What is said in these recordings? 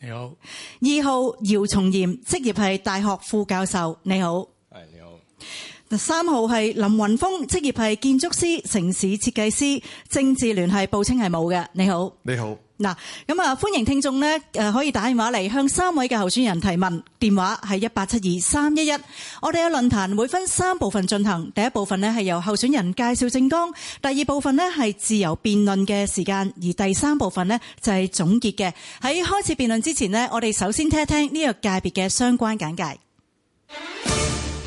你好，二號姚松炎，職業係大學副教授。你好，係你好。三號係林雲峰，職業係建築師、城市設計師，政治聯繫報稱係冇嘅。你好，你好。嗱，咁啊，歡迎聽眾呢，誒可以打電話嚟向三位嘅候選人提問，電話係一八七二三一一。我哋嘅論壇會分三部分進行，第一部分呢係由候選人介紹政綱，第二部分呢係自由辯論嘅時間，而第三部分呢就係總結嘅。喺開始辯論之前呢，我哋首先聽一聽呢個界別嘅相關簡介。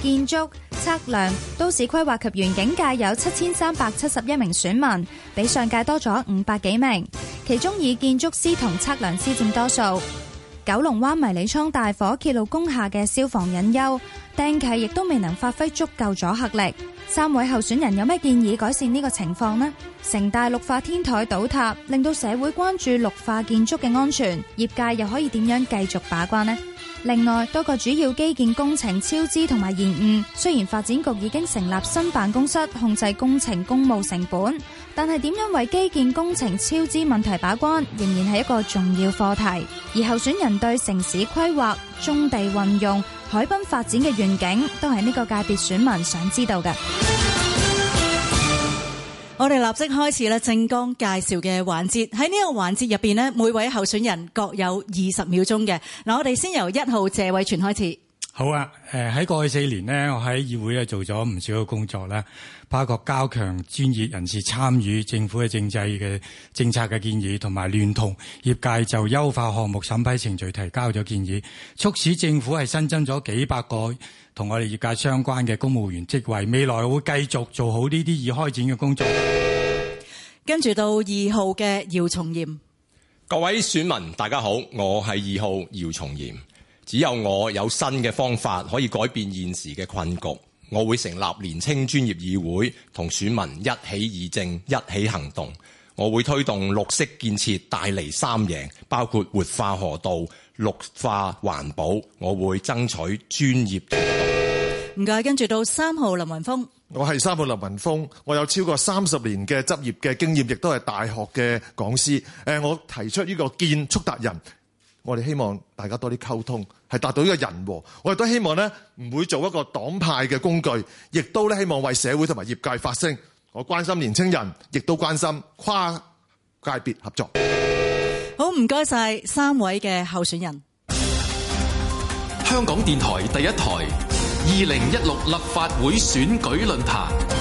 建築測量、都市規劃及園境界有七千三百七十一名選民，比上屆多咗五百幾名，其中以建築師同測量師佔多數。九龍灣迷你倉大火揭露工廈嘅消防隱憂，釘契亦都未能發揮足夠阻嚇力。三位候選人有咩建議改善呢個情況呢？城大綠化天台倒塌，令到社會關注綠化建築嘅安全，業界又可以點樣繼續把關呢？另外，多個主要基建工程超支同埋延誤，雖然發展局已經成立新辦公室控制工程公務成本，但係點樣為基建工程超支問題把關，仍然係一個重要課題。而候選人對城市規劃、中地運用、海濱發展嘅願景，都係呢個界別選民想知道嘅。我哋立即開始咧政綱介紹嘅環節，喺呢個環節入面，每位候選人各有二十秒鐘嘅。嗱，我哋先由一號謝偉銓開始。好啊！誒，喺過去四年呢，我喺議會咧做咗唔少嘅工作啦，包括加強專業人士參與政府嘅政制嘅政策嘅建議，同埋聯同業界就優化項目審批程序提交咗建議，促使政府係新增咗幾百個同我哋業界相關嘅公務員職位。未來會繼續做好呢啲已開展嘅工作。跟住到二號嘅姚松炎，各位選民大家好，我係二號姚松炎。只有我有新嘅方法可以改變現時嘅困局。我會成立年青專業議會同選民一起議政、一起行動，我會推動綠色建設帶嚟三贏，包括活化河道、綠化環保。我會爭取專業。唔該，跟住到三號林雲峯。我係三號林雲峯，我有超過三十年嘅執業嘅經驗，亦都係大學嘅講師誒、呃，我提出呢個建築達人。我哋希望大家多啲溝通，係達到呢個人和。我哋都希望咧，唔會做一個黨派嘅工具，亦都咧希望為社會同埋業界發聲。我關心年青人，亦都關心跨界別合作。好，唔該晒三位嘅候選人。香港電台第一台二零一六立法會選舉論壇。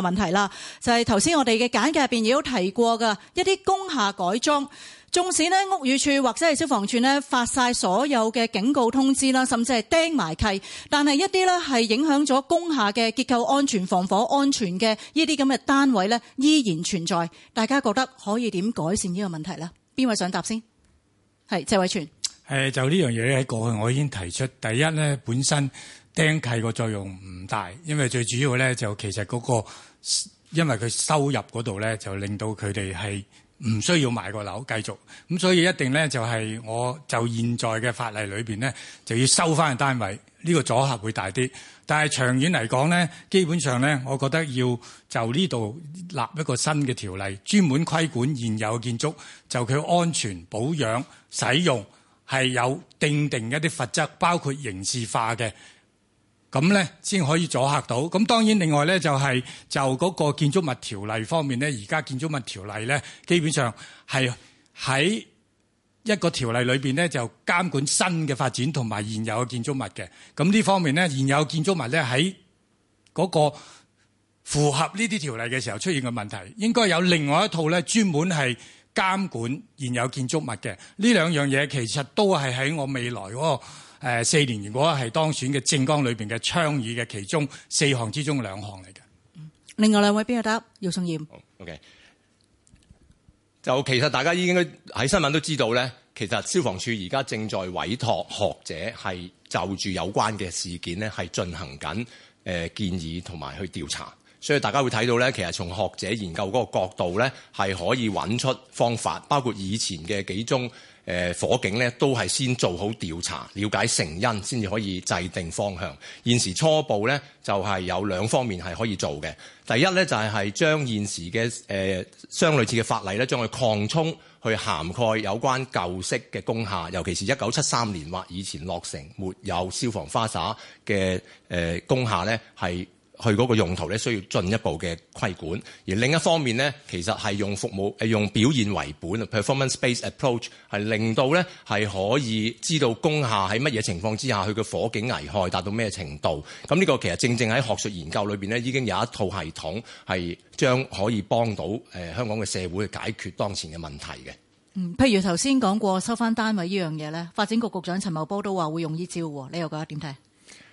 個問題啦，就係頭先我哋嘅簡介入邊亦都提過嘅一啲工廈改裝，縱使咧屋宇署或者係消防處咧發晒所有嘅警告通知啦，甚至係釘埋契，但係一啲咧係影響咗工廈嘅結構安全、防火安全嘅呢啲咁嘅單位咧，依然存在。大家覺得可以點改善呢個問題咧？邊位想答先？係謝偉銓。誒，就呢樣嘢喺過去我已經提出，第一咧本身釘契個作用唔大，因為最主要呢就其實嗰、嗰個。因為佢收入嗰度咧，就令到佢哋係唔需要買個樓繼續，咁所以一定咧就係我就現在嘅法例裏面咧，就要收翻去單位，呢個阻嚇會大啲。但係長遠嚟講咧，基本上咧，我覺得要就呢度立一個新嘅條例，專門規管現有嘅建築，就佢安全、保養、使用係有定定一啲罰則，包括刑事化嘅。咁咧先可以阻嚇到。咁當然另外咧就係、是、就嗰個建築物條例方面咧，而家建築物條例咧基本上係喺一個條例裏面咧，就監管新嘅發展同埋現有嘅建築物嘅。咁呢方面咧，現有建築物咧喺嗰個符合呢啲條例嘅時候出現嘅問題，應該有另外一套咧，專門係監管現有建築物嘅。呢兩樣嘢其實都係喺我未來嗰個誒四年，如果係當選嘅政綱裏邊嘅倡議嘅其中四項之中的兩項嚟嘅。另外兩位邊個答？姚松炎。好，OK。就其實大家應該喺新聞都知道咧，其實消防處而家正在委託學者係就住有關嘅事件呢，係進行緊誒建議同埋去調查。所以大家會睇到咧，其實從學者研究嗰個角度咧，係可以揾出方法，包括以前嘅幾宗誒、呃、火警咧，都係先做好調查，了解成因，先至可以制定方向。現時初步咧，就係、是、有兩方面係可以做嘅。第一咧，就係、是、將現時嘅誒、呃、相類似嘅法例咧，將佢擴充去涵蓋有關舊式嘅工廈，尤其是一九七三年或以前落成沒有消防花灑嘅誒工廈咧，係、呃。佢嗰個用途咧，需要進一步嘅規管，而另一方面呢，其實係用服務誒、呃、用表現為本 performance based approach 係令到咧，係可以知道工廈喺乜嘢情況之下，佢嘅火警危害達到咩程度？咁呢個其實正正喺學術研究裏邊呢已經有一套系統係將可以幫到誒、呃、香港嘅社會解決當前嘅問題嘅。嗯，譬如頭先講過收翻單位這呢樣嘢咧，發展局局長陳茂波都話會用依招喎，你又覺得點睇？怎麼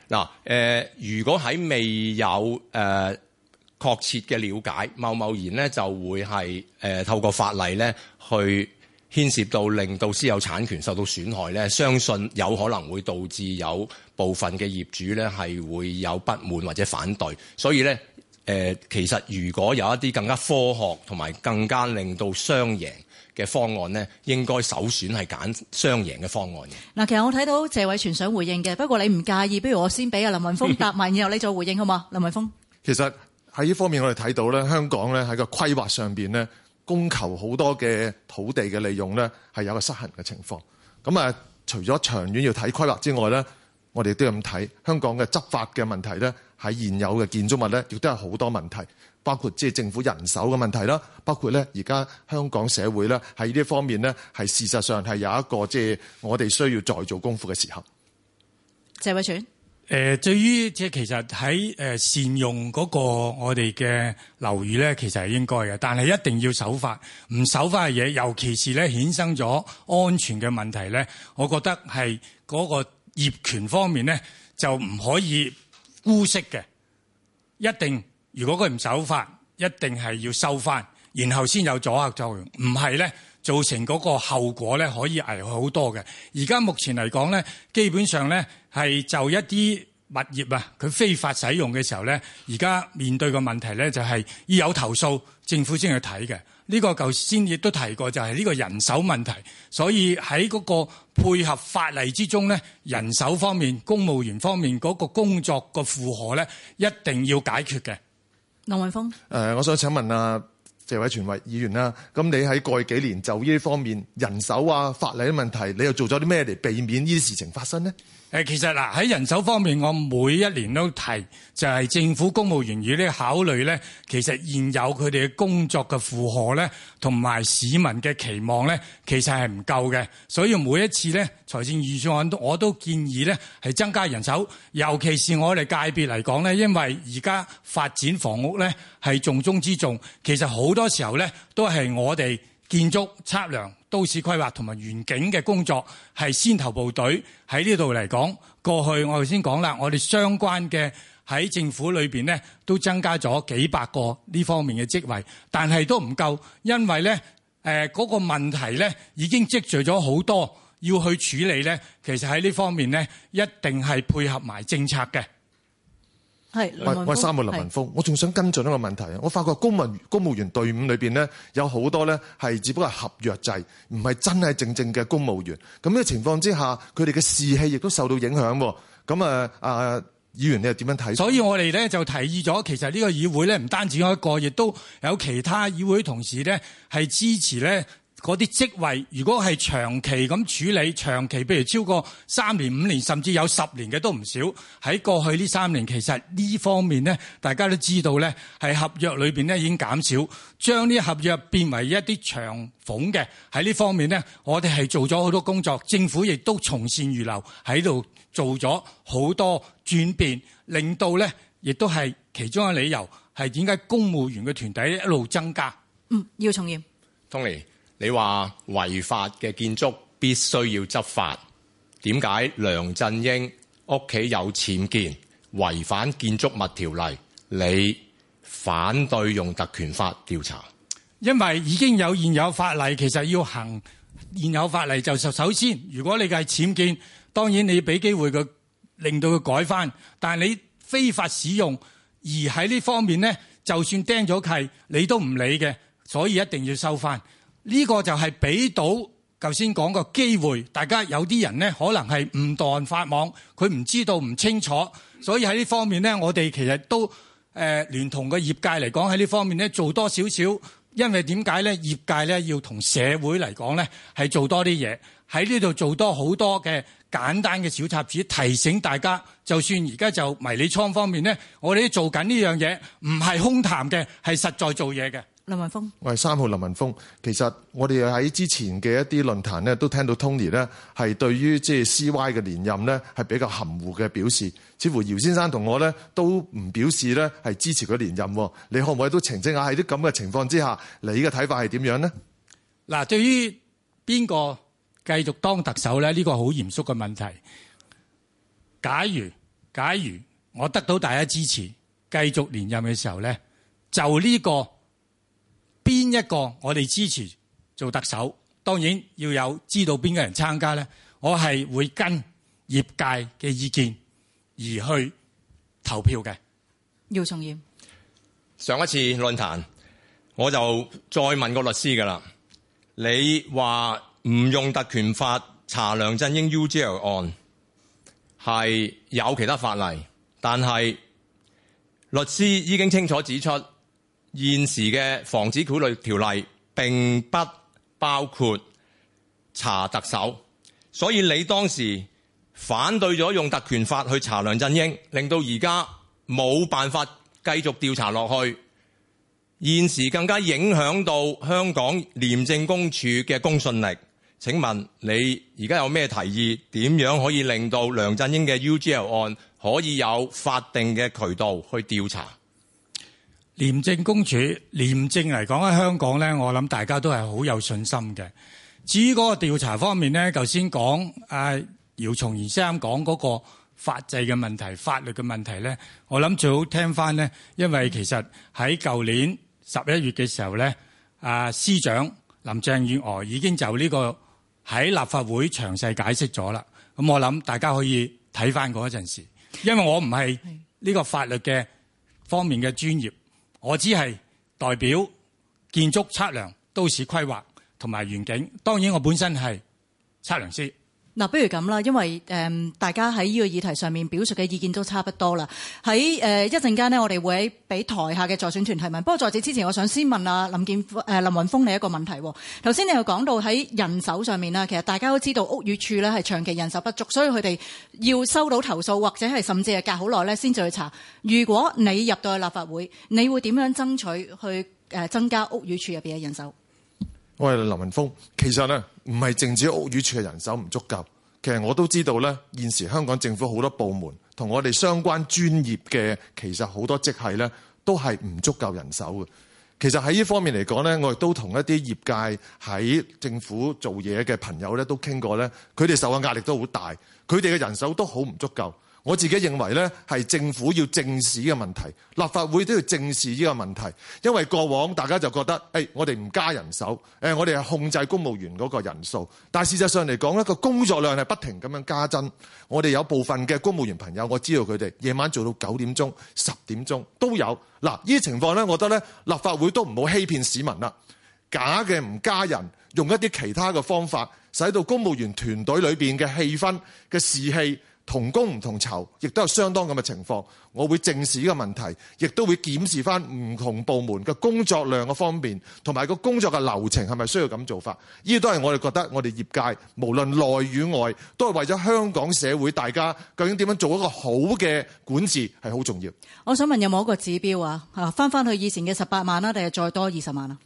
嗱，誒，如果喺未有誒、呃、確切嘅了解，貿貿然咧就會係誒、呃、透過法例咧去牽涉到令到私有產權受到損害咧，相信有可能會導致有部分嘅業主咧係會有不滿或者反對，所以咧誒、呃、其實如果有一啲更加科學同埋更加令到雙贏嘅方案咧，應該首選係揀雙贏嘅方案嘅。嗱，其實我睇到謝偉銓想回應嘅，不過你唔介意，不如我先俾阿林雲峯答埋， 然後你再回應好嘛？林雲峯其實喺呢方面我哋睇到咧，香港咧喺個規劃上邊咧，供求好多嘅土地嘅利用咧，係有個失衡嘅情況。咁啊，除咗長遠要睇規劃之外咧，我哋都咁睇香港嘅執法嘅問題咧，喺現有嘅建築物咧，亦都有好多問題。包括即係政府人手嘅問題啦，包括咧而家香港社會咧喺呢方面咧，係事實上係有一個即係我哋需要再做功夫嘅時候。謝偉銓，誒、呃，對於即係其實喺誒善用嗰個我哋嘅樓宇咧，其實係應該嘅，但係一定要守法，唔守法嘅嘢，尤其是咧衍生咗安全嘅問題咧，我覺得係嗰個業權方面咧就唔可以姑息嘅，一定。如果佢唔守法，一定係要收翻，然後先有阻吓作用。唔係咧，造成嗰個後果咧，可以危害好多嘅。而家目前嚟講咧，基本上咧係就一啲物業啊，佢非法使用嘅時候咧，而家面對嘅問題咧就係要有投訴，政府先去睇嘅。呢個頭先亦都提過，就係呢個人手問題，所以喺嗰個配合法例之中咧，人手方面、公務員方面嗰個工作個負荷咧，一定要解決嘅。林雲峯、呃、我想請問啊謝，謝偉銓議員啦，咁你喺過去幾年就呢啲方面人手啊、法例啲問題，你又做咗啲咩嚟避免呢啲事情發生咧？誒，其實嗱喺人手方面，我每一年都提，就係政府公務員與呢考慮咧，其實現有佢哋嘅工作嘅負荷咧，同埋市民嘅期望咧，其實係唔夠嘅。所以每一次咧財政預算案，我都建議咧係增加人手，尤其是我哋界別嚟講咧，因為而家發展房屋咧係重中之重。其實好多時候咧都係我哋建築測量。都市規劃同埋園境嘅工作係先頭部隊喺呢度嚟講，過去我頭先講啦，我哋相關嘅喺政府裏邊咧都增加咗幾百個呢方面嘅職位，但係都唔夠，因為咧誒嗰個問題咧已經積聚咗好多要去處理咧，其實喺呢方面咧一定係配合埋政策嘅。係，我係三個林雲峯，是我仲想跟進一個問題。我發覺公民公務員隊伍裏邊咧，有好多咧係只不過係合約制，唔係真係正正嘅公務員。咁嘅情況之下，佢哋嘅士氣亦都受到影響。咁啊啊，議員你又點樣睇？所以我哋咧就提議咗，其實呢個議會咧唔單止開一個亦都有其他議會同事咧係支持咧。嗰啲職位，如果係長期咁處理，長期，譬如超過三年、五年，甚至有十年嘅都唔少。喺過去呢三年，其實呢方面呢，大家都知道呢係合約裏面呢已經減少，將呢合約變為一啲長俸嘅。喺呢方面呢，我哋係做咗好多工作，政府亦都從善如流喺度做咗好多轉變，令到呢亦都係其中嘅理由係點解公務員嘅團體一路增加。嗯，要重現。Tony. 你話違法嘅建築必須要執法，點解梁振英屋企有僭建，違反建築物條例？你反對用特權法調查？因為已經有現有法例，其實要行現有法例就首先，如果你係僭建，當然你俾機會佢令到佢改返。但係你非法使用而喺呢方面咧，就算釘咗契，你都唔理嘅，所以一定要收返。呢個就係俾到頭先講個機會，大家有啲人呢，可能係誤墮法網，佢唔知道唔清楚，所以喺呢方面呢，我哋其實都誒聯、呃、同個業界嚟講喺呢方面呢，做多少少，因為點解呢？業界呢，要同社會嚟講呢，係做多啲嘢喺呢度做多好多嘅簡單嘅小冊子提醒大家，就算而家就迷你倉方面呢，我哋做緊呢樣嘢，唔係空談嘅，係實在做嘢嘅。林雲峯，我係三號林雲峯。其實我哋喺之前嘅一啲論壇咧，都聽到 Tony 咧係對於即係 C.Y. 嘅連任咧係比較含糊嘅表示。似乎姚先生同我咧都唔表示咧係支持佢連任。你可唔可以都澄清下喺啲咁嘅情況之下，你嘅睇法係點樣呢？嗱，對於邊個繼續當特首咧？呢個好嚴肅嘅問題。假如假如我得到大家支持繼續連任嘅時候咧，就呢個。邊一個我哋支持做特首，當然要有知道邊個人參加咧，我係會跟業界嘅意見而去投票嘅。姚松炎，上一次論壇我就再問個律師噶啦，你話唔用特權法查梁振英 UGL 案係有其他法例，但係律師已經清楚指出，現時嘅防止賄賂條例並不包括查特首，所以你當時反對咗用特權法去查梁振英，令到而家冇辦法繼續調查落去。現時更加影響到香港廉政公署嘅公信力。請問你而家有咩提議點樣可以令到梁振英嘅 UGL 案可以有法定嘅渠道去調查？廉政公署廉政嚟講喺香港咧，我諗大家都係好有信心嘅。至於嗰個調查方面咧，頭先講啊，姚松炎先生講嗰個法制嘅問題、法律嘅問題咧，我諗最好聽翻咧，因為其實喺舊年十一月嘅時候咧，啊司長林鄭月娥已經就呢個喺立法會詳細解釋咗啦。咁我諗大家可以睇翻嗰陣時，因為我唔係呢個法律嘅方面嘅專業。我只係代表建築測量、都市規劃同埋園境。當然，我本身係測量師。嗱、啊，不如咁啦，因為誒、嗯、大家喺呢個議題上面表述嘅意見都差不多啦。喺誒一陣間呢，呃、我哋會喺俾台下嘅助選團提問。不過在此之前，我想先問啊林建、呃、林雲峯你一個問題。頭、哦、先你又講到喺人手上面啦，其實大家都知道屋宇署咧係長期人手不足，所以佢哋要收到投訴或者係甚至係隔好耐咧先至去查。如果你入到去立法會，你會點樣爭取去誒增加屋宇署入面嘅人手？我係林雲峯，其實咧唔係淨止屋宇署嘅人手唔足夠，其實我都知道咧，現時香港政府好多部門同我哋相關專業嘅，其實好多職系咧都係唔足夠人手嘅。其實喺呢方面嚟講咧，我亦都同一啲業界喺政府做嘢嘅朋友咧都傾過咧，佢哋受嘅壓力都好大，佢哋嘅人手都好唔足夠。我自己認為呢係政府要正視呢個問題，立法會都要正視呢個問題。因為過往大家就覺得，誒、哎，我哋唔加人手，我哋係控制公務員嗰個人數。但事實上嚟講，一個工作量係不停咁樣加增。我哋有部分嘅公務員朋友，我知道佢哋夜晚做到九點鐘、十點鐘都有。嗱，呢情況呢，我覺得呢立法會都唔好欺騙市民啦，假嘅唔加人，用一啲其他嘅方法，使到公務員團隊裏面嘅氣氛嘅士氣。同工唔同酬，亦都有相當咁嘅情況，我會正視呢個問題，亦都會檢視翻唔同部門嘅工作量嘅方面，同埋個工作嘅流程係咪需要咁做法？呢啲都係我哋覺得，我哋業界無論內與外，都係為咗香港社會，大家究竟點樣做一個好嘅管治係好重要。我想問有冇一個指標啊？啊，翻翻去以前嘅十八萬啦，定係再多二十萬啊？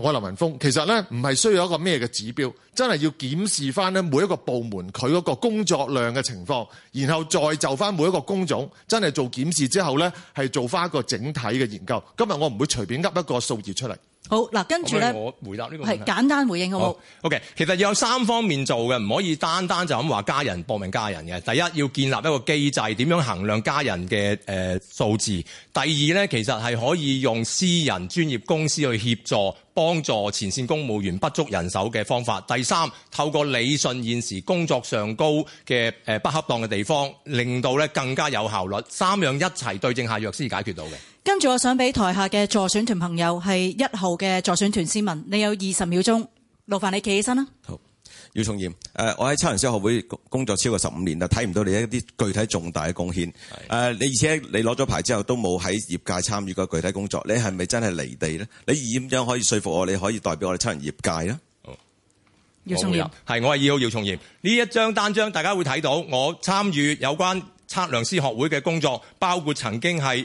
我林雲峯其實咧唔係需要一個咩嘅指標，真係要檢視翻咧每一個部門佢嗰個工作量嘅情況，然後再就翻每一個工種真係做檢視之後咧，係做翻一個整體嘅研究。今日我唔會隨便噏一個數字出嚟。好嗱，跟住咧我回答呢個問題，係簡單回應嘅，好唔好？好。OK，其實要有三方面做嘅，唔可以單單就咁話加人搏命加人嘅。第一，要建立一個機制，點樣衡量加人嘅誒、呃、數字；第二咧，其實係可以用私人專業公司去協助幫助前線公務員不足人手嘅方法；第三，透過理順現時工作上高嘅誒、呃、不恰當嘅地方，令到咧更加有效率。三樣一齊對症下藥先解決到嘅。跟住我想俾台下嘅助選團朋友係一號嘅助選團市民，你有二十秒鐘，勞煩你企起身啦。好，姚松炎，誒，我喺測量師學會工作超過十五年啦，睇唔到你一啲具體重大嘅貢獻。誒的，你而且你攞咗牌之後都冇喺業界參與過具體工作，你係咪真係離地咧？你以點樣可以說服我，你可以代表我哋測量業界咧？姚松炎，係，我係二號姚松炎。呢一張單張，大家會睇到我參與有關測量師學會嘅工作，包括曾經係。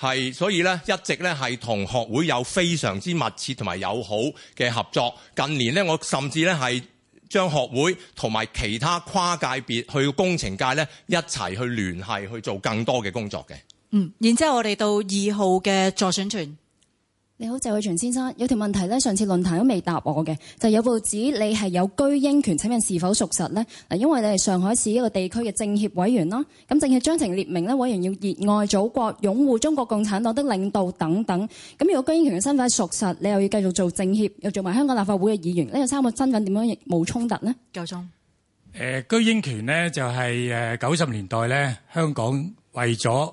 係，所以咧一直咧係同學會有非常之密切同埋友好嘅合作。近年咧，我甚至咧係將學會同埋其他跨界別去工程界咧一齊去聯繫去做更多嘅工作嘅。嗯，然之後我哋到二號嘅助選團。你好，謝偉銓先生，有條問題咧，上次論壇都未答我嘅，就有報紙你係有居英權，請問是否屬實咧？嗱，因為你係上海市一個地區嘅政協委員啦，咁政協章程列明咧，委員要熱愛祖國、擁護中國共產黨的領導等等。咁如果居英權嘅身份屬實，你又要繼續做政協，又做埋香港立法會嘅議員，呢三個身份點樣亦冇衝突咧？夠鐘中？誒、呃，居英權咧就係誒九十年代咧，香港為咗。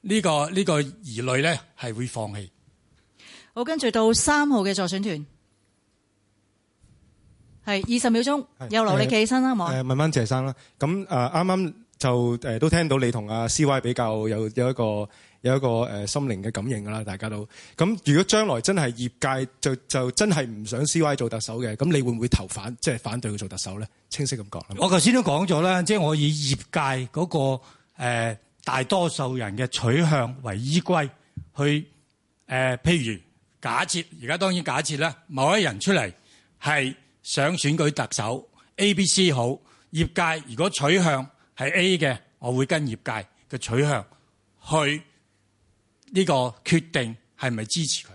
這個這個、呢個呢個疑慮咧，係會放棄。好，跟住到三號嘅助選團，係二十秒鐘，有勞你企起身啦，冇？誒、呃，問翻嗎、呃、謝生啦。咁誒，啱、呃、啱就誒、呃、都聽到你同阿 C Y 比較有有一個有一個誒、呃、心靈嘅感應㗎啦。大家都咁，如果將來真係業界就就真係唔想 C Y 做特首嘅，咁你會唔會投反即係、就是、反對佢做特首咧？清晰咁講。我頭先都講咗啦，即、就、係、是、我以業界嗰、那個、呃大多數人嘅取向為依歸去誒、呃、譬如假設而家當然假設啦，某一人出嚟係想選舉特首 A、B、C 好，業界如果取向係 A 嘅，我會跟業界嘅取向去呢個決定係咪支持佢？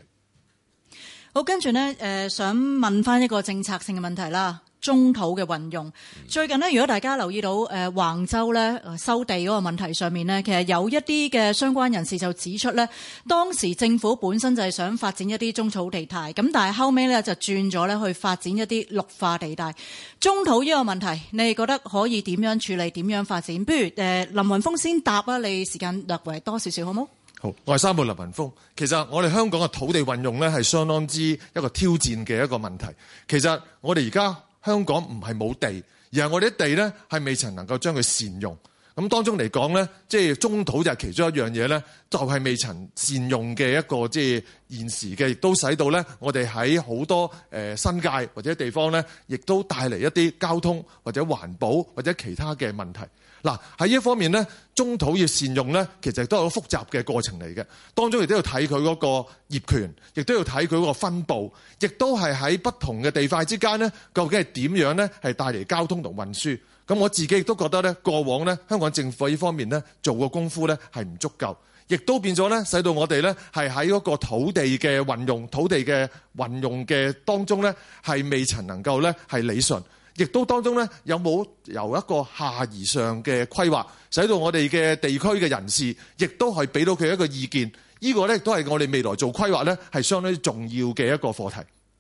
好，跟住咧，誒，想問翻一個政策性嘅問題啦。中土嘅運用，最近呢，如果大家留意到誒、呃、橫州咧收地嗰個問題上面呢，其實有一啲嘅相關人士就指出咧，當時政府本身就係想發展一啲中草地帶，咁但係後尾咧就轉咗咧去發展一啲綠化地帶。中土呢個問題，你哋覺得可以點樣處理？點樣發展？不如誒、呃、林雲峰先答啊，你時間略為多少少，好冇？好，我係三號林雲峰。其實我哋香港嘅土地運用咧係相當之一個挑戰嘅一個問題。其實我哋而家。香港唔係冇地，而係我哋啲地呢係未曾能夠將佢善用。咁當中嚟講呢，即係中土就係其中一樣嘢呢，就係未曾善用嘅一個即係現時嘅，亦都使到呢我哋喺好多誒新界或者地方呢，亦都帶嚟一啲交通或者環保或者其他嘅問題。嗱喺呢一方面咧，中土要善用咧，其實都係一個複雜嘅過程嚟嘅。當中亦都要睇佢嗰個業權，亦都要睇佢嗰個分佈，亦都係喺不同嘅地塊之間咧，究竟係點樣咧，係帶嚟交通同運輸。咁我自己亦都覺得咧，過往咧香港政府呢方面咧做嘅功夫咧係唔足夠，亦都變咗咧，使到我哋咧係喺嗰個土地嘅運用、土地嘅運用嘅當中咧係未曾能夠咧係理順。亦都當中呢，有冇由一個下而上嘅規劃，使到我哋嘅地區嘅人士，亦都係俾到佢一個意見。呢、這個呢，都係我哋未來做規劃呢，係相當重要嘅一個課題。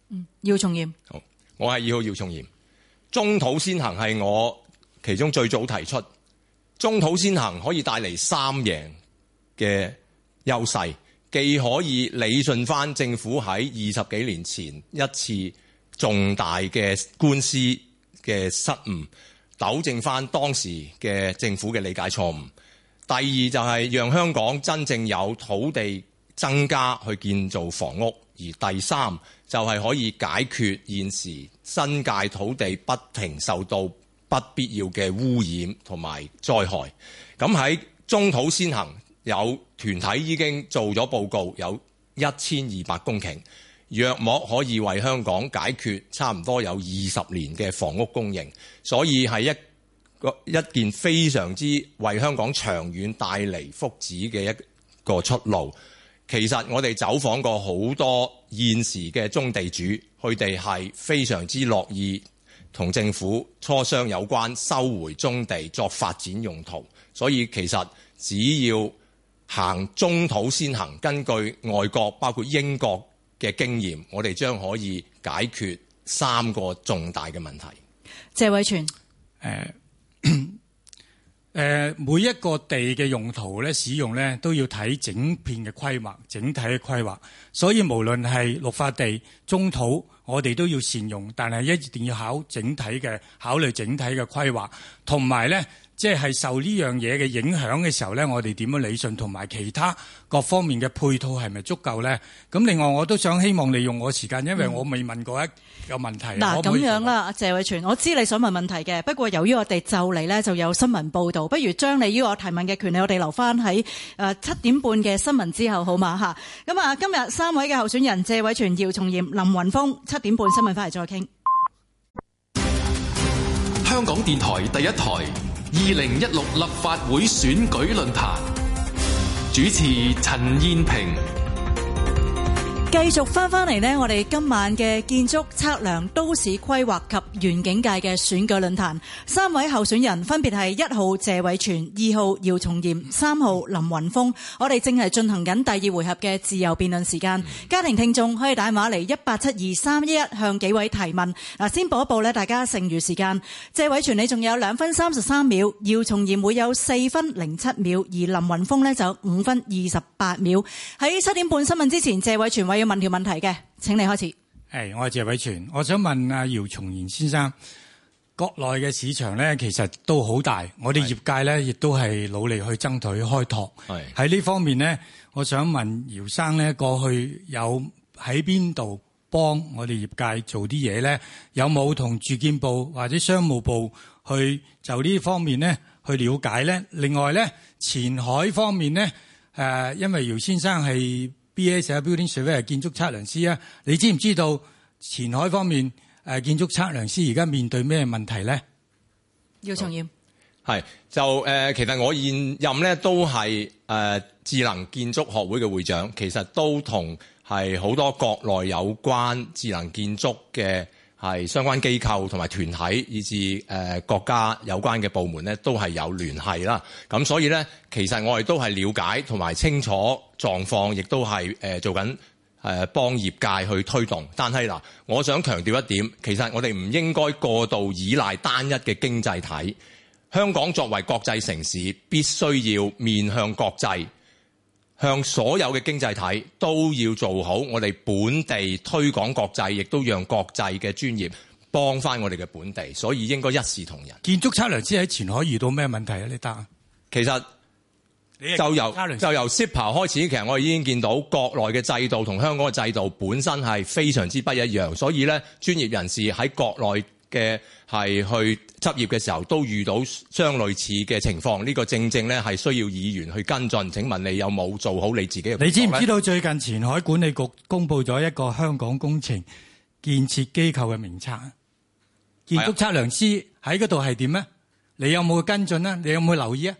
嗯，姚松炎。好，我係二號，姚松炎。中土先行係我其中最早提出。中土先行可以帶嚟三贏嘅優勢，既可以理順翻政府喺二十幾年前一次重大嘅官司。嘅失誤，糾正返當時嘅政府嘅理解錯誤。第二就係讓香港真正有土地增加去建造房屋，而第三就係可以解決現時新界土地不停受到不必要嘅污染同埋災害。咁喺中土先行，有團體已經做咗報告，有一千二百公頃。約莫可以為香港解決差唔多有二十年嘅房屋供應，所以係一個一件非常之為香港長遠帶嚟福祉嘅一個出路。其實，我哋走訪過好多現時嘅棕地主，佢哋係非常之樂意同政府磋商有關收回棕地作發展用途，所以其實只要行中土先行，根據外國包括英國。嘅經驗，我哋將可以解決三個重大嘅問題。謝偉銓、呃呃，每一個地嘅用途咧，使用咧都要睇整片嘅規劃、整體嘅規劃。所以無論係綠化地、中土，我哋都要善用，但係一定要考整體嘅考慮、整體嘅規劃，同埋咧。即係受呢樣嘢嘅影響嘅時候呢，我哋點樣理順，同埋其他各方面嘅配套係咪足夠呢？咁另外我都想希望利用我時間，因為我未問過一有問題。嗱咁、嗯、樣啦，謝偉銓，我知你想問問題嘅，不過由於我哋就嚟呢就有新聞報導，不如將你於我提問嘅權利，我哋留翻喺誒七點半嘅新聞之後，好嘛嚇？咁啊，今日三位嘅候選人謝偉銓、姚松炎、林雲峯。七點半新聞翻嚟再傾。香港電台第一台。二零一六立法會選舉論壇主持陳燕萍。繼續翻翻嚟，呢我哋今晚嘅建築測量、都市規劃及園境界嘅選舉論壇，三位候選人分別係一號謝偉銓、二號姚松炎、三號林雲峰。我哋正係進行緊第二回合嘅自由辯論時間，家庭聽眾可以打電話嚟，一八七二三一一向幾位提問。嗱，先報一報呢大家剩餘時間，謝偉銓你仲有兩分三十三秒，姚松炎會有四分零七秒，而林雲峰呢，就有五分二十八秒。喺七點半新聞之前，謝偉銓會問條問題嘅，請你開始。係，我係謝偉銓，我想問阿姚松炎先生，國內嘅市場咧，其實都好大，我哋業界咧，亦都係努力去爭取、去開拓。係喺呢方面咧，我想問姚生咧，過去有喺邊度幫我哋業界做啲嘢咧？有冇同住建部或者商務部去就呢方面咧去了解咧？另外咧，前海方面咧，誒，因為姚先生係。B A 社啊，Building Survey 建築測量師啊，你知唔知道前海方面建築測量師而家面對咩問題咧？要重驗，係就誒、呃，其實我現任咧都係誒智能建築學會嘅會長，其實都同係好多國內有關智能建築嘅。係相關機構同埋團體，以至誒、呃、國家有關嘅部門咧，都係有聯繫啦。咁所以呢，其實我哋都係了解同埋清楚狀況，亦都係誒做緊誒、呃、幫業界去推動。但係嗱、呃，我想強調一點，其實我哋唔應該過度依賴單一嘅經濟體。香港作為國際城市，必須要面向國際。向所有嘅經濟體都要做好，我哋本地推廣國際，亦都讓國際嘅專業幫翻我哋嘅本地，所以應該一視同仁。建築測量師喺前海遇到咩問題啊？你答其實就由就由 SIPA 開始，其實我哋已經見到國內嘅制度同香港嘅制度本身係非常之不一樣，所以咧專業人士喺國內，嘅係去執業嘅時候都遇到相類似嘅情況，呢個正正咧，係需要議員去跟進，請問你有冇做好你自己？你知唔知道最近前海管理局公布咗一個香港工程建設機構嘅名冊啊，建築測量師喺嗰度係點咧？你有冇跟進啊，你有冇留意啊？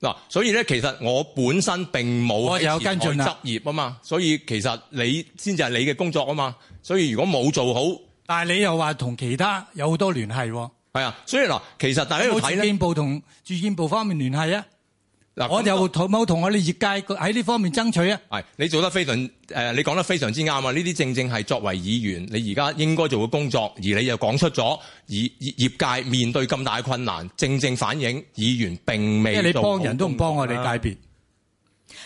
嗱，所以咧，其實我本身並冇我有跟進執業啊嘛。所以其實你先至係你嘅工作啊嘛。所以如果冇做好，但係你又話同其他有好多聯繫，係啊，所以嗱，其實大家要睇呢住建部同住建部方面聯繫啊，嗱、啊，我又同同我哋業界喺呢方面爭取啊，係你做得非常誒、呃，你講得非常之啱啊！呢啲正正係作為議員，你而家應該做嘅工作，而你又講出咗，而業界面對咁大嘅困難，正正反映議員並未、啊、你幫人都唔幫我哋界別。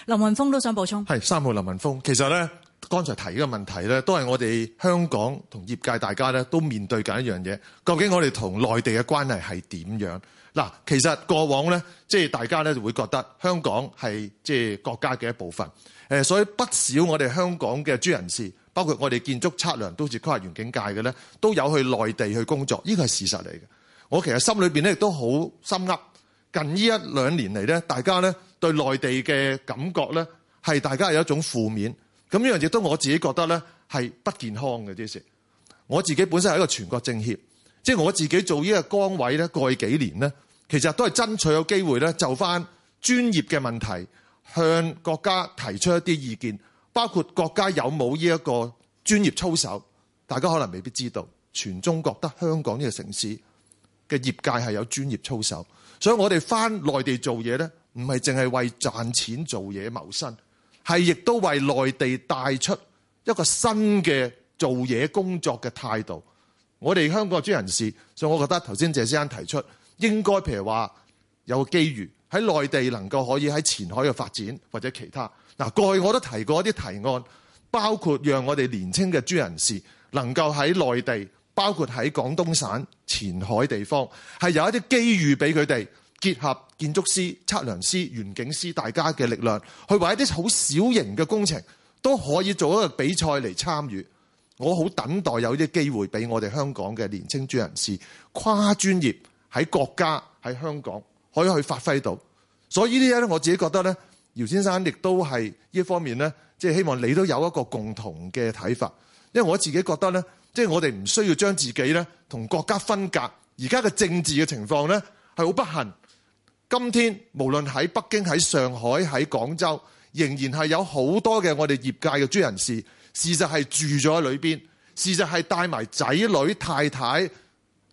林雲峯都想補充，係三號林雲峯，其實咧。剛才提嘅問題咧，都係我哋香港同業界大家咧都面對緊一樣嘢。究竟我哋同內地嘅關係係點樣？嗱，其實過往呢，即係大家咧就會覺得香港係即係國家嘅一部分。所以不少我哋香港嘅專業人士，包括我哋建築測量、都市規劃、園境界嘅咧，都有去內地去工作，呢個係事實嚟嘅。我其實心裏面咧亦都好心噏。近呢一兩年嚟咧，大家咧對內地嘅感覺咧係大家有一種負面。咁呢樣嘢都我自己覺得呢係不健康嘅啲事。我自己本身係一個全國政協，即係我自己做呢個崗位咧，過去幾年呢，其實都係爭取有機會呢就翻專業嘅問題向國家提出一啲意見，包括國家有冇呢一個專業操守，大家可能未必知道。全中國得香港呢個城市嘅業界係有專業操守，所以我哋翻內地做嘢呢，唔係淨係為賺錢做嘢謀生。係，是亦都為內地帶出一個新嘅做嘢工作嘅態度。我哋香港嘅專人士，所以我覺得頭先謝先生提出應該譬如話有個機遇喺內地能夠可以喺前海嘅發展或者其他。嗱，過去我都提過一啲提案，包括讓我哋年輕嘅專人士能夠喺內地，包括喺廣東省前海地方，係有一啲機遇俾佢哋。結合建築師、測量師、園景師，大家嘅力量去為一啲好小型嘅工程，都可以做一個比賽嚟參與。我好等待有啲機會俾我哋香港嘅年青專業人士跨專業喺國家喺香港可以去發揮到。所以呢啲嘢呢，我自己覺得呢姚先生亦都係呢一方面呢即係、就是、希望你都有一個共同嘅睇法，因為我自己覺得呢即係、就是、我哋唔需要將自己呢同國家分隔。而家嘅政治嘅情況呢係好不幸。今天無論喺北京、喺上海、喺廣州，仍然係有好多嘅我哋業界嘅專業人士，事實係住咗喺裏邊，事實係帶埋仔女、太太、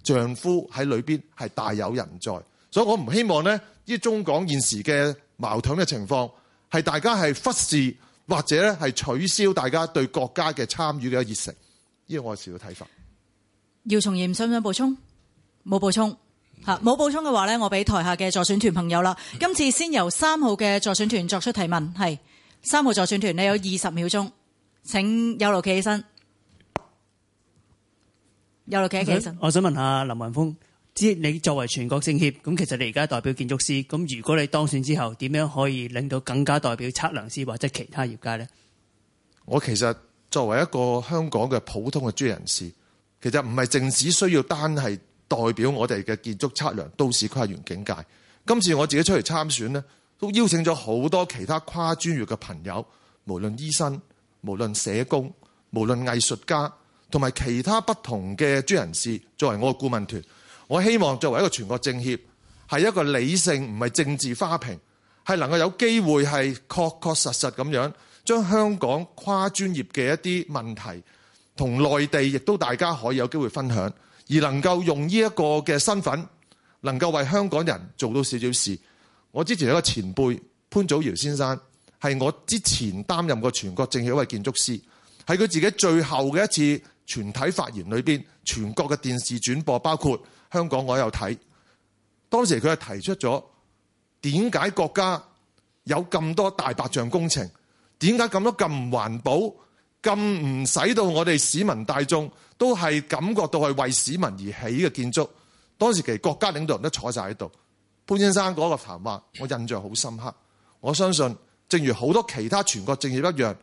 丈夫喺裏邊，係大有人在。所以我唔希望呢啲中港現時嘅矛盾嘅情況係大家係忽視或者咧係取消大家對國家嘅參與嘅熱誠。呢個我有少少睇法。姚松炎想唔想補充？冇補充。吓，冇補充嘅話咧，我俾台下嘅助選團朋友啦。今次先由三號嘅助選團作出提問，係三號助選團，你有二十秒鐘，請有勞企起身。有勞企起身。我想問下林雲峰，知你作為全國政協，咁其實你而家代表建築師，咁如果你當選之後，點樣可以令到更加代表測量師或者其他業界呢？我其實作為一個香港嘅普通嘅專業人士，其實唔係淨只需要單係。代表我哋嘅建築測量都市規劃園境界，今次我自己出嚟參選呢都邀請咗好多其他跨專業嘅朋友，無論醫生、無論社工、無論藝術家，同埋其他不同嘅專業人士作為我嘅顧問團。我希望作為一個全國政協，係一個理性，唔係政治花瓶，係能夠有機會係確確實實咁樣，將香港跨專業嘅一啲問題，同內地亦都大家可以有機會分享。而能夠用呢一個嘅身份，能夠為香港人做到少少事。我之前有個前輩潘祖堯先生，係我之前擔任過全國政協一位建築師。喺佢自己最後嘅一次全體發言裏面，全國嘅電視轉播，包括香港，我有睇。當時佢係提出咗點解國家有咁多大白象工程，點解咁多咁唔環保？咁唔使到我哋市民大眾都係感覺到係為市民而起嘅建築，當時其實國家領導人都坐晒喺度。潘先生嗰個談話，我印象好深刻。我相信，正如好多其他全國政協一樣，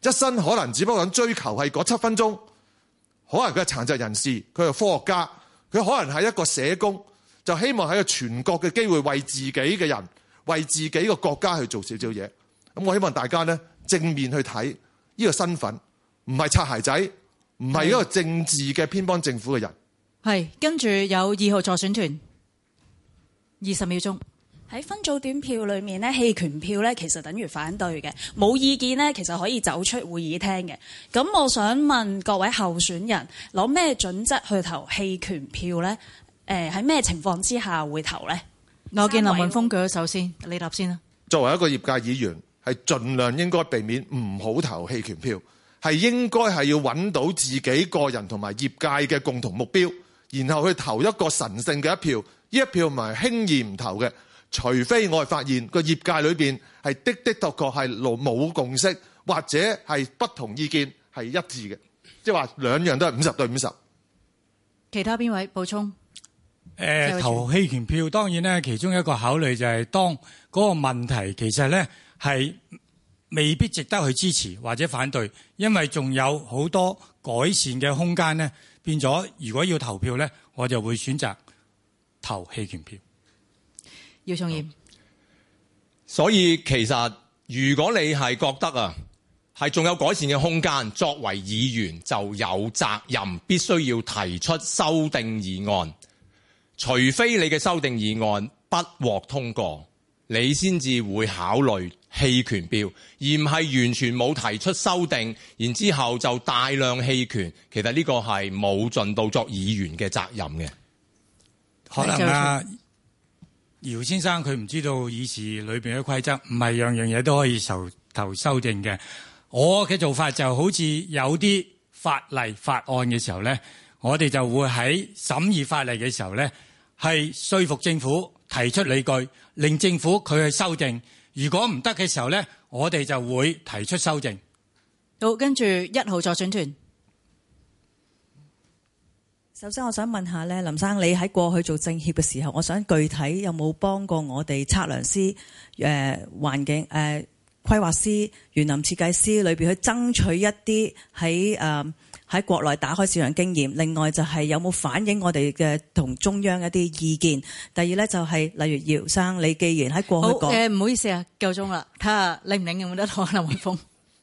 一生可能只不過想追求係嗰七分鐘。可能佢係殘疾人士，佢係科學家，佢可能係一個社工，就希望喺個全國嘅機會為自己嘅人、為自己個國家去做少少嘢。咁我希望大家咧正面去睇呢個身份。唔係擦鞋仔，唔係一個政治嘅偏幫政府嘅人。係跟住有二號助選團，二十秒鐘喺分組短票裏面咧，棄權票咧其實等於反對嘅，冇意見咧其實可以走出會議廳嘅。咁我想問各位候選人，攞咩準則去投棄權票咧？誒、呃，喺咩情況之下會投咧？位我見林雲峯舉咗手位先，你立先啦。作為一個業界議員，係盡量應該避免唔好投棄權票。係應該係要揾到自己個人同埋業界嘅共同目標，然後去投一個神聖嘅一票。呢一票唔係輕易唔投嘅，除非我係發現個業界裏面係的的的確確係冇共識或者係不同意見係一致嘅，即係話兩樣都係五十對五十。其他邊位補充？呃，投棄權票當然咧，其中一個考慮就係、是、當嗰個問題其實咧係。是未必值得去支持或者反對，因為仲有好多改善嘅空間咧。變咗，如果要投票咧，我就會選擇投棄權票。姚松炎，所以其實如果你係覺得啊，係仲有改善嘅空間，作為議員就有責任必須要提出修訂議案，除非你嘅修訂議案不獲通過，你先至會考慮。棄權票，而唔係完全冇提出修訂，然之後就大量棄權。其實呢個係冇盡到作議員嘅責任嘅。可能啊， 姚先生佢唔知道議事裏邊嘅規則，唔係樣樣嘢都可以受投修訂嘅。我嘅做法就是、好似有啲法例法案嘅時候咧，我哋就會喺審議法例嘅時候咧，係說服政府提出理據，令政府佢去修訂。如果唔得嘅時候呢，我哋就會提出修正。好，跟住一號助選團。首先，我想問下呢，林生，你喺過去做政協嘅時候，我想具體有冇有幫過我哋測量師呃環境呃規劃師、園林設計師裏邊去爭取一啲喺誒喺國內打開市場經驗。另外就係有冇反映我哋嘅同中央嘅一啲意見？第二咧就係、是，例如姚生，你既然喺過去講，誒唔好、呃、好意思啊，夠鐘啦，睇下領唔領用我得到林雲峯。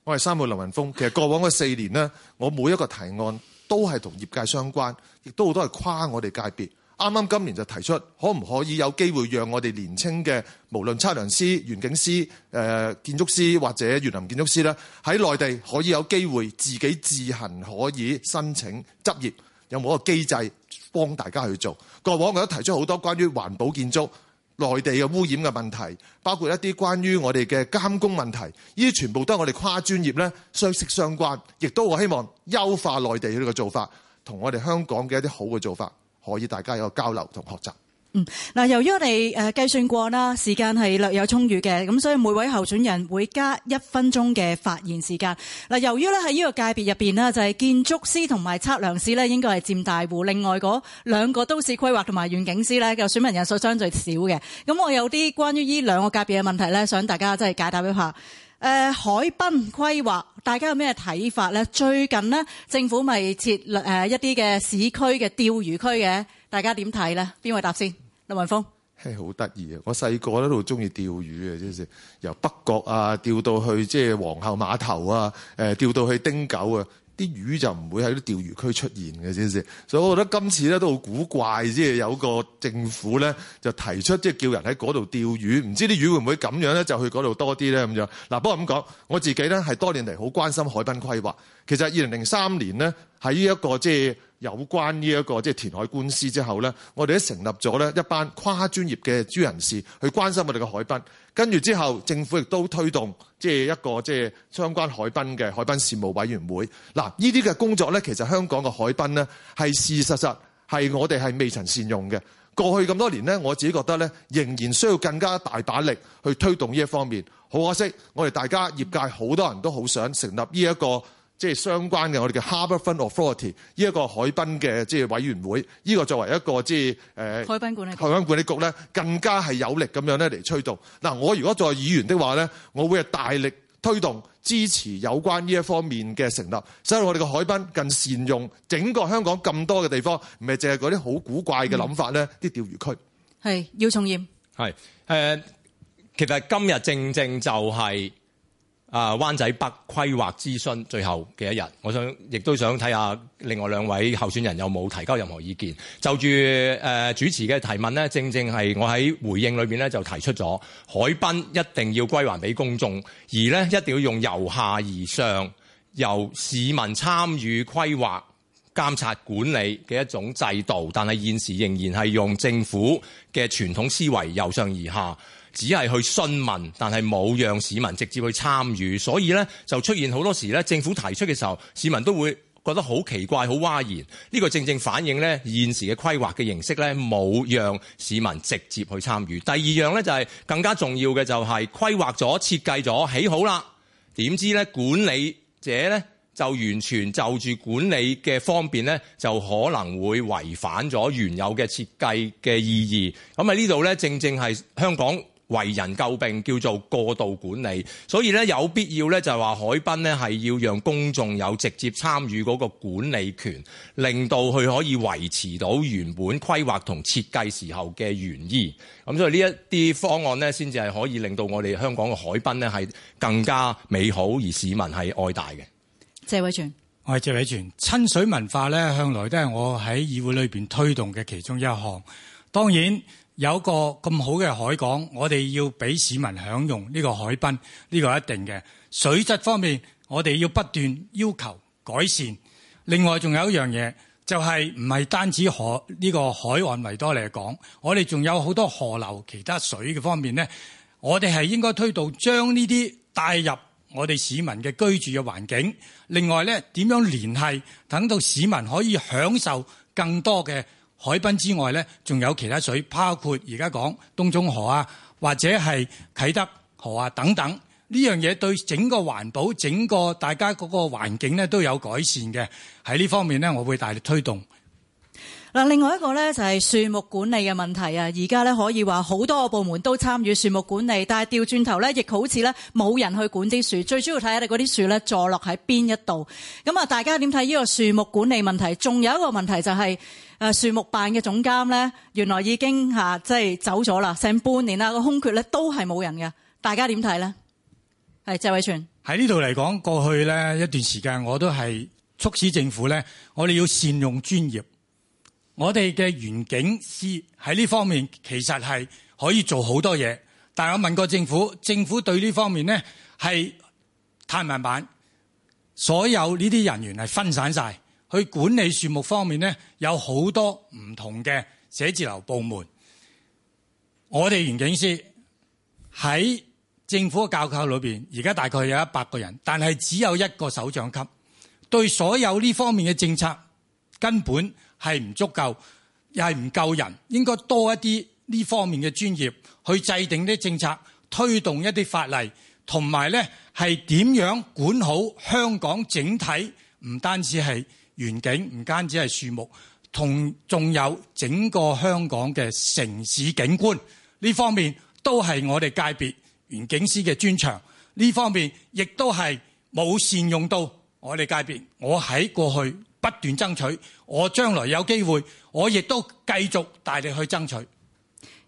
我係三號林雲峯。其實過往嗰四年呢， 我每一個提案都係同業界相關，亦都好多係跨我哋界別。啱啱今年就提出，可唔可以有機會讓我哋年青嘅，無論測量師、園景師、呃、建築師或者園林建築師咧，喺內地可以有機會自己自行可以申請執業，有冇個機制幫大家去做？過往我都提出好多關於環保建築、內地嘅污染嘅問題，包括一啲關於我哋嘅監工問題，呢啲全部都係我哋跨專業咧相識相關，亦都我希望優化內地呢個做法，同我哋香港嘅一啲好嘅做法。可以大家有交流同學習。嗯，嗱，由於我哋誒計算過啦，時間係略有充裕嘅，咁所以每位候選人會加一分鐘嘅發言時間。嗱，由於咧喺呢個界別入邊咧，就係、是、建築師同埋測量師咧，應該係佔大戶。另外嗰兩個都市規劃同埋園境師咧嘅選民人數相對少嘅。咁我有啲關於呢兩個界別嘅問題咧，想大家即係解答一下。誒、呃、海濱規劃，大家有咩睇法咧？最近呢政府咪設立誒一啲嘅市區嘅釣魚區嘅，大家點睇咧？邊位先答先？林雲峯。係好得意啊！我細個喺度中意釣魚嘅，即、就、係、是、由北角啊，釣到去即係皇后碼頭啊，誒釣到去汀九啊。啲魚就唔會喺啲釣魚區出現嘅，先先所以我覺得今次咧都好古怪，即係有個政府咧就提出即係、就是、叫人喺嗰度釣魚，唔知啲魚會唔會咁樣咧就去嗰度多啲咧咁樣。嗱，不過咁講，我自己咧係多年嚟好關心海濱規劃。其實二零零三年咧喺呢一個即係。就是有關呢一個即係填海官司之後呢，我哋都成立咗呢一班跨專業嘅專人士去關心我哋嘅海濱。跟住之後，政府亦都推動即係一個即係相關海濱嘅海濱事務委員會。嗱，呢啲嘅工作呢，其實香港嘅海濱呢係事實實係我哋係未曾善用嘅。過去咁多年呢，我自己覺得呢仍然需要更加大把力去推動呢一方面。好可惜，我哋大家業界好多人都好想成立呢一個。即係相關嘅我哋嘅 Harbourfront Authority，呢一個海濱嘅即係委員會，呢、呢個作為一個即係、呃、海濱管理海濱管理局咧，局更加係有力咁樣咧嚟推動。嗱、啊，我如果作為議員的話咧，我會係大力推動支持有關呢一方面嘅成立，所以我哋嘅海濱更善用整個香港咁多嘅地方，唔係淨係嗰啲好古怪嘅諗法咧，啲、嗯、釣魚區係要重驗係、呃、其實今日正正就係、是。啊！灣仔北規劃諮詢最後嘅一日，我想亦都想睇下另外兩位候選人有冇提交任何意見。就住誒、呃、主持嘅提問呢，正正係我喺回應裏面咧就提出咗，海濱一定要歸還俾公眾，而呢一定要用由下而上、由市民參與規劃監察管理嘅一種制度，但係現時仍然係用政府嘅傳統思維由上而下。只係去詢問，但係冇讓市民直接去參與，所以呢，就出現好多時呢政府提出嘅時候，市民都會覺得好奇怪、好嘩然。呢、這個正正反映呢，現時嘅規劃嘅形式呢，冇讓市民直接去參與。第二樣呢，就係、是、更加重要嘅就係、是、規劃咗、設計咗、起好啦，點知呢，管理者呢，就完全就住管理嘅方便呢，就可能會違反咗原有嘅設計嘅意義。咁啊呢度呢，正正係香港，為人詬病叫做過度管理，所以咧，有必要咧，就係話海濱咧，係要讓公眾有直接參與嗰個管理權，令到佢可以維持到原本規劃同設計時候嘅原意。咁所以呢一啲方案呢，先至係可以令到我哋香港嘅海濱呢係更加美好，而市民係愛戴嘅。謝偉銓，我係謝偉銓。親水文化咧，向來都係我喺議會裏邊推動嘅其中一項，當然。有個咁好嘅海港，我哋要俾市民享用呢個海濱，呢個一定嘅。水質方面，我哋要不斷要求改善。另外，仲有一樣嘢，就係唔係單止河呢個海岸維多利亞港，我哋仲有好多河流、其他水嘅方面呢，我哋係應該推動將呢啲帶入我哋市民嘅居住嘅環境。另外呢，點樣聯繫，等到市民可以享受更多嘅。海濱之外咧，仲有其他水，包括而家講東涌河啊，或者係啟德河啊等等。呢樣嘢對整個環保、整個大家嗰個環境咧都有改善嘅。喺呢方面咧，我會大力推動。嗱，另外一個咧就係樹木管理嘅問題啊！而家咧可以話好多個部門都參與樹木管理，但係掉轉頭咧，亦好似咧冇人去管啲樹。最主要睇下你嗰啲樹咧坐落喺邊一度。咁啊，大家點睇呢個樹木管理問題？仲有一個問題就係、是，誒樹木辦嘅總監咧，原來已經嚇即係走咗啦，成半年啦，個空缺咧都係冇人嘅。大家點睇呢？係謝偉銓喺呢度嚟講，過去咧一段時間我都係促使政府咧，我哋要善用專業。我哋嘅園境師喺呢方面其實係可以做好多嘢，但係我問過政府，政府對呢方面呢係太慢板，所有呢啲人員係分散晒去管理樹木方面呢有好多唔同嘅寫字樓部門。我哋園境師喺政府嘅架構裏邊，而家大概有一百個人，但係只有一個首長級對所有呢方面嘅政策根本。係唔足夠，又係唔夠人，應該多一啲呢方面嘅專業去制定啲政策，推動一啲法例，同埋呢係點樣管好香港整體，唔單止係園境，唔單止係樹木，同仲有整個香港嘅城市景觀呢方面，都係我哋界別園境師嘅專長。呢方面亦都係冇善用到我哋界別。我喺過去，不斷爭取，我將來有機會，我亦都繼續大力去爭取。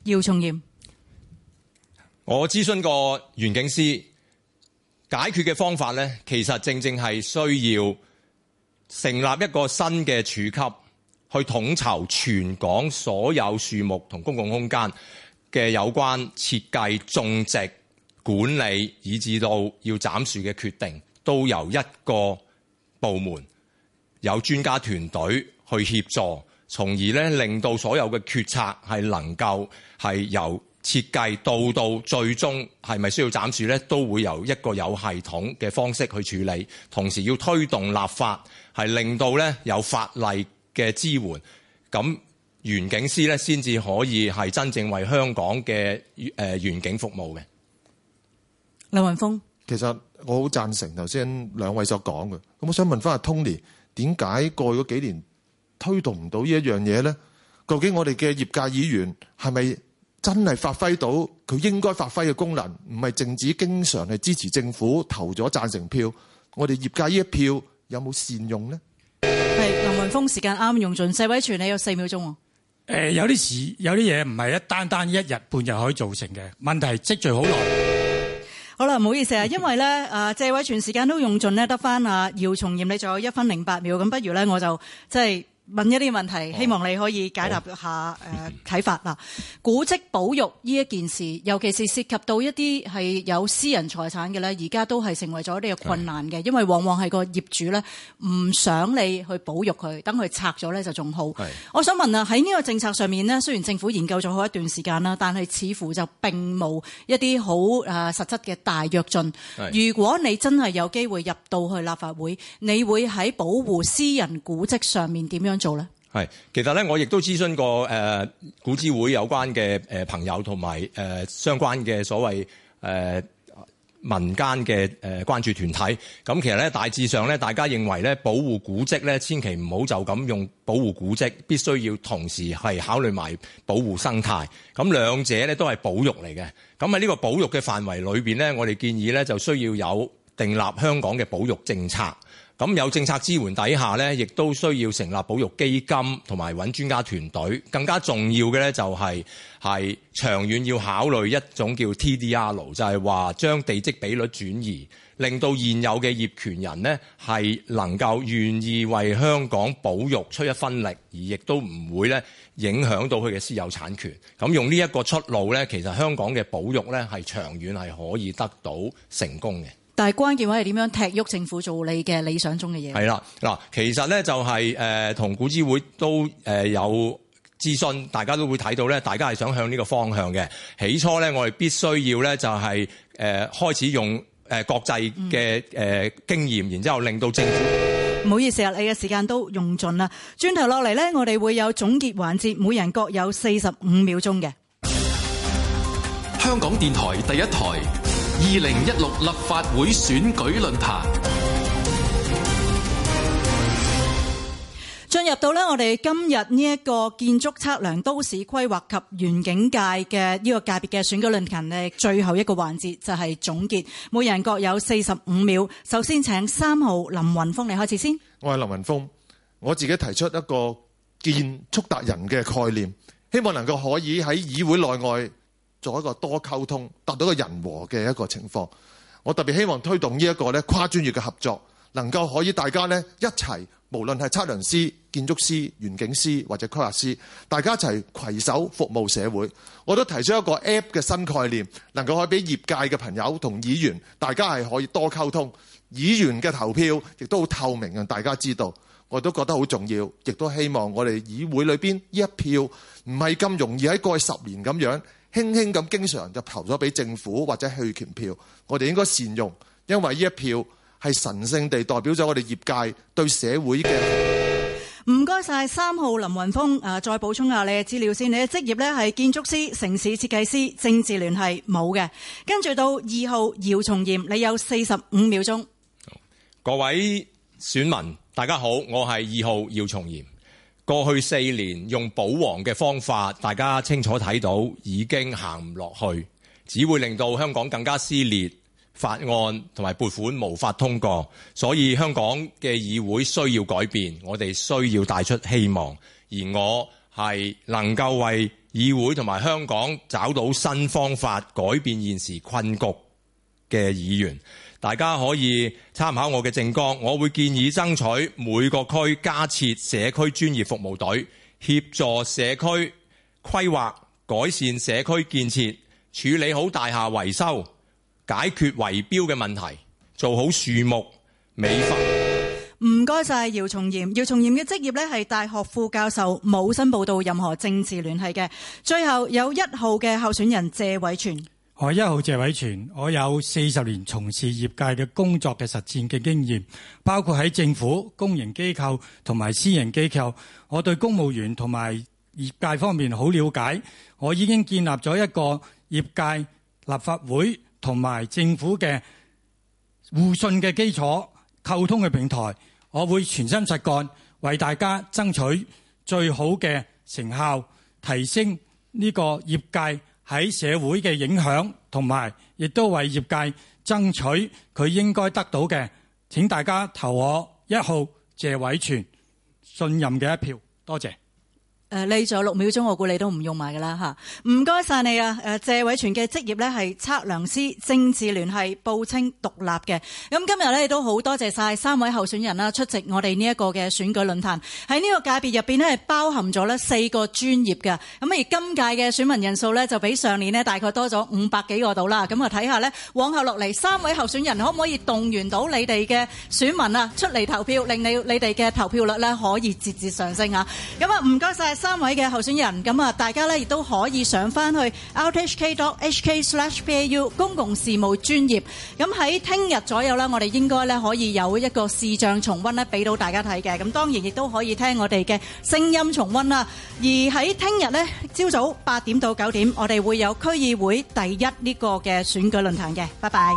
姚松炎，我諮詢過園境師，解決嘅方法呢，其實正正係需要成立一個新嘅處級，去統籌全港所有樹木同公共空間嘅有關設計、種植、管理，以至到要斬樹嘅決定，都由一個部門。有專家團隊去協助，從而咧令到所有嘅決策係能夠係由設計到到最終係咪需要斬樹咧，都會由一個有系統嘅方式去處理。同時要推動立法，係令到咧有法例嘅支援，咁園境師咧先至可以係真正為香港嘅誒園境服務嘅。林雲峯，其實我好贊成頭先兩位所講嘅。咁我想問翻阿 Tony。點解過嗰幾年推動唔到呢一樣嘢咧？究竟我哋嘅業界議員係咪真係發揮到佢應該發揮嘅功能？唔係淨止經常係支持政府投咗贊成票，我哋業界呢一票有冇善用咧？係林雲峯，時間啱用盡，四位傳你有四秒鐘。誒、呃，有啲事有啲嘢唔係一單單一日半日可以做成嘅，問題係積聚好耐。好啦，唔好意思啊，因為咧，啊，謝偉銓時間都用盡咧，得翻啊，姚松炎，你仲有一分零八秒，咁不如咧，我就即係。問一啲問題，希望你可以解答下誒、哦呃、睇法啦。古蹟保育呢一件事，尤其是涉及到一啲係有私人財產嘅咧，而家都係成為咗啲困難嘅，是因為往往係個業主咧唔想你去保育佢，等佢拆咗咧就仲好。是我想問啊，喺呢個政策上面咧，雖然政府研究咗好一段時間啦，但係似乎就並冇一啲好誒實質嘅大躍進，是如果你真係有機會入到去立法會，你會喺保護私人古蹟上面點樣做咧，係其實咧，我亦都諮詢過誒、呃、古諮會有關嘅誒朋友和，同埋誒相關嘅所謂誒、呃、民間嘅誒關注團體。咁其實咧，大致上咧，大家認為咧，保護古蹟咧，千祈唔好就咁用保護古蹟，必須要同時係考慮埋保護生態。咁兩者咧都係保育嚟嘅。咁喺呢個保育嘅範圍裏邊咧，我哋建議咧，就需要有訂立香港嘅保育政策。咁有政策支援底下咧，亦都需要成立保育基金，同埋揾專家團隊。更加重要嘅咧，就係，就係係長遠要考慮一種叫 TDR，就係話將地積比率轉移，令到現有嘅業權人咧係能夠願意為香港保育出一分力，而亦都唔會咧影響到佢嘅私有產權，咁用呢一個出路咧，其實香港嘅保育咧係長遠係可以得到成功嘅。但係關鍵位係點樣踢喐政府做你嘅理想中嘅嘢？係啦，嗱，其實咧就係誒同古諮會都誒有諮詢，大家都會睇到咧，大家係想向呢個方向嘅。起初咧，我哋必須要咧就係、是、誒、呃、開始用誒國際嘅誒、呃、經驗，然之後令到政府。唔、嗯、好意思啊，你嘅時間都用盡啦。轉頭落嚟咧，我哋會有總結環節，每人各有四十五秒鐘嘅。香港電台第一台。二零一六立法會選舉論壇，進入到呢，我哋今日呢一個建築測量、都市規劃及園境界嘅呢個界別嘅選舉論壇呢，最後一個環節就係總結，每人各有四十五秒。首先請三號林雲峰嚟，開始先。我係林雲峰，我自己提出一個建築達人嘅概念，希望能夠可以喺議會內外，做一個多溝通，達到一個人和嘅一個情況。我特別希望推動呢一個咧跨專業嘅合作，能夠可以大家咧一齊，無論係測量師、建築師、園景師或者規劃師，大家一齊攜手服務社會。我都提出一個 app 嘅新概念，能夠可以俾業界嘅朋友同議員，大家係可以多溝通。議員嘅投票亦都好透明，讓大家知道，我都覺得好重要。亦都希望我哋議會裏面呢一票唔係咁容易喺過去十年咁樣，輕輕咁經常就投咗俾政府或者棄權票，我哋應該善用，因為呢一票係神聖地代表咗我哋業界對社會嘅。唔該晒，三號林雲峯，誒再補充下你嘅資料先，你嘅職業呢係建築師、城市設計師，政治聯繫冇嘅。跟住到二號姚松炎，你有四十五秒鐘。各位選民，大家好，我係二號姚松炎。過去四年用保皇嘅方法，大家清楚睇到已經行唔落去，只會令到香港更加撕裂，法案同埋撥款無法通過，所以香港嘅議會需要改變，我哋需要帶出希望，而我係能夠為議會同埋香港找到新方法，改變現時困局嘅議員。大家可以參考我嘅政綱，我會建議爭取每個區加設社區專業服務隊，協助社區規劃、改善社區建設、處理好大廈維修、解決圍標嘅問題，做好樹木美化。唔該晒。姚松炎。姚松炎嘅職業呢，係大學副教授，冇申報到任何政治聯繫嘅。最後有一號嘅候選人謝偉銓。我係一號謝偉銓，我有四十年從事業界嘅工作嘅實踐嘅經驗，包括喺政府、公營機構同埋私人機構，我對公務員同埋業界方面好了解。我已經建立咗一個業界、立法會同埋政府嘅互信嘅基礎、溝通嘅平台。我會全心實幹，為大家爭取最好嘅成效，提升呢個業界。喺社會嘅影響，同埋亦都為業界爭取佢應該得到嘅。請大家投我一號謝偉銓信任嘅一票。多謝。誒，你仲有六秒鐘，我估你都唔用埋噶啦吓，唔該晒你啊！誒，謝偉銓嘅職業呢係測量師，政治聯繫、報稱獨立嘅。咁今日亦都好多謝晒三位候選人啦，出席我哋呢一個嘅選舉論壇。喺呢個界別入面呢，係包含咗呢四個專業嘅。咁而今屆嘅選民人數呢，就比上年呢大概多咗五百幾個度啦。咁啊睇下呢，往後落嚟三位候選人可唔可以動員到你哋嘅選民啊出嚟投票，令你你哋嘅投票率呢，可以節節上升嚇。咁啊唔該晒。三位嘅候選人咁啊，大家咧亦都可以上翻去 rthk.hk/pau 公共事務專頁。咁喺聽日左右咧，我哋應該咧可以有一個視像重溫咧，俾到大家睇嘅。咁當然亦都可以聽我哋嘅聲音重溫啦。而喺聽日咧，朝早八點到九點，我哋會有區議會第一呢個嘅選舉論壇嘅。拜拜。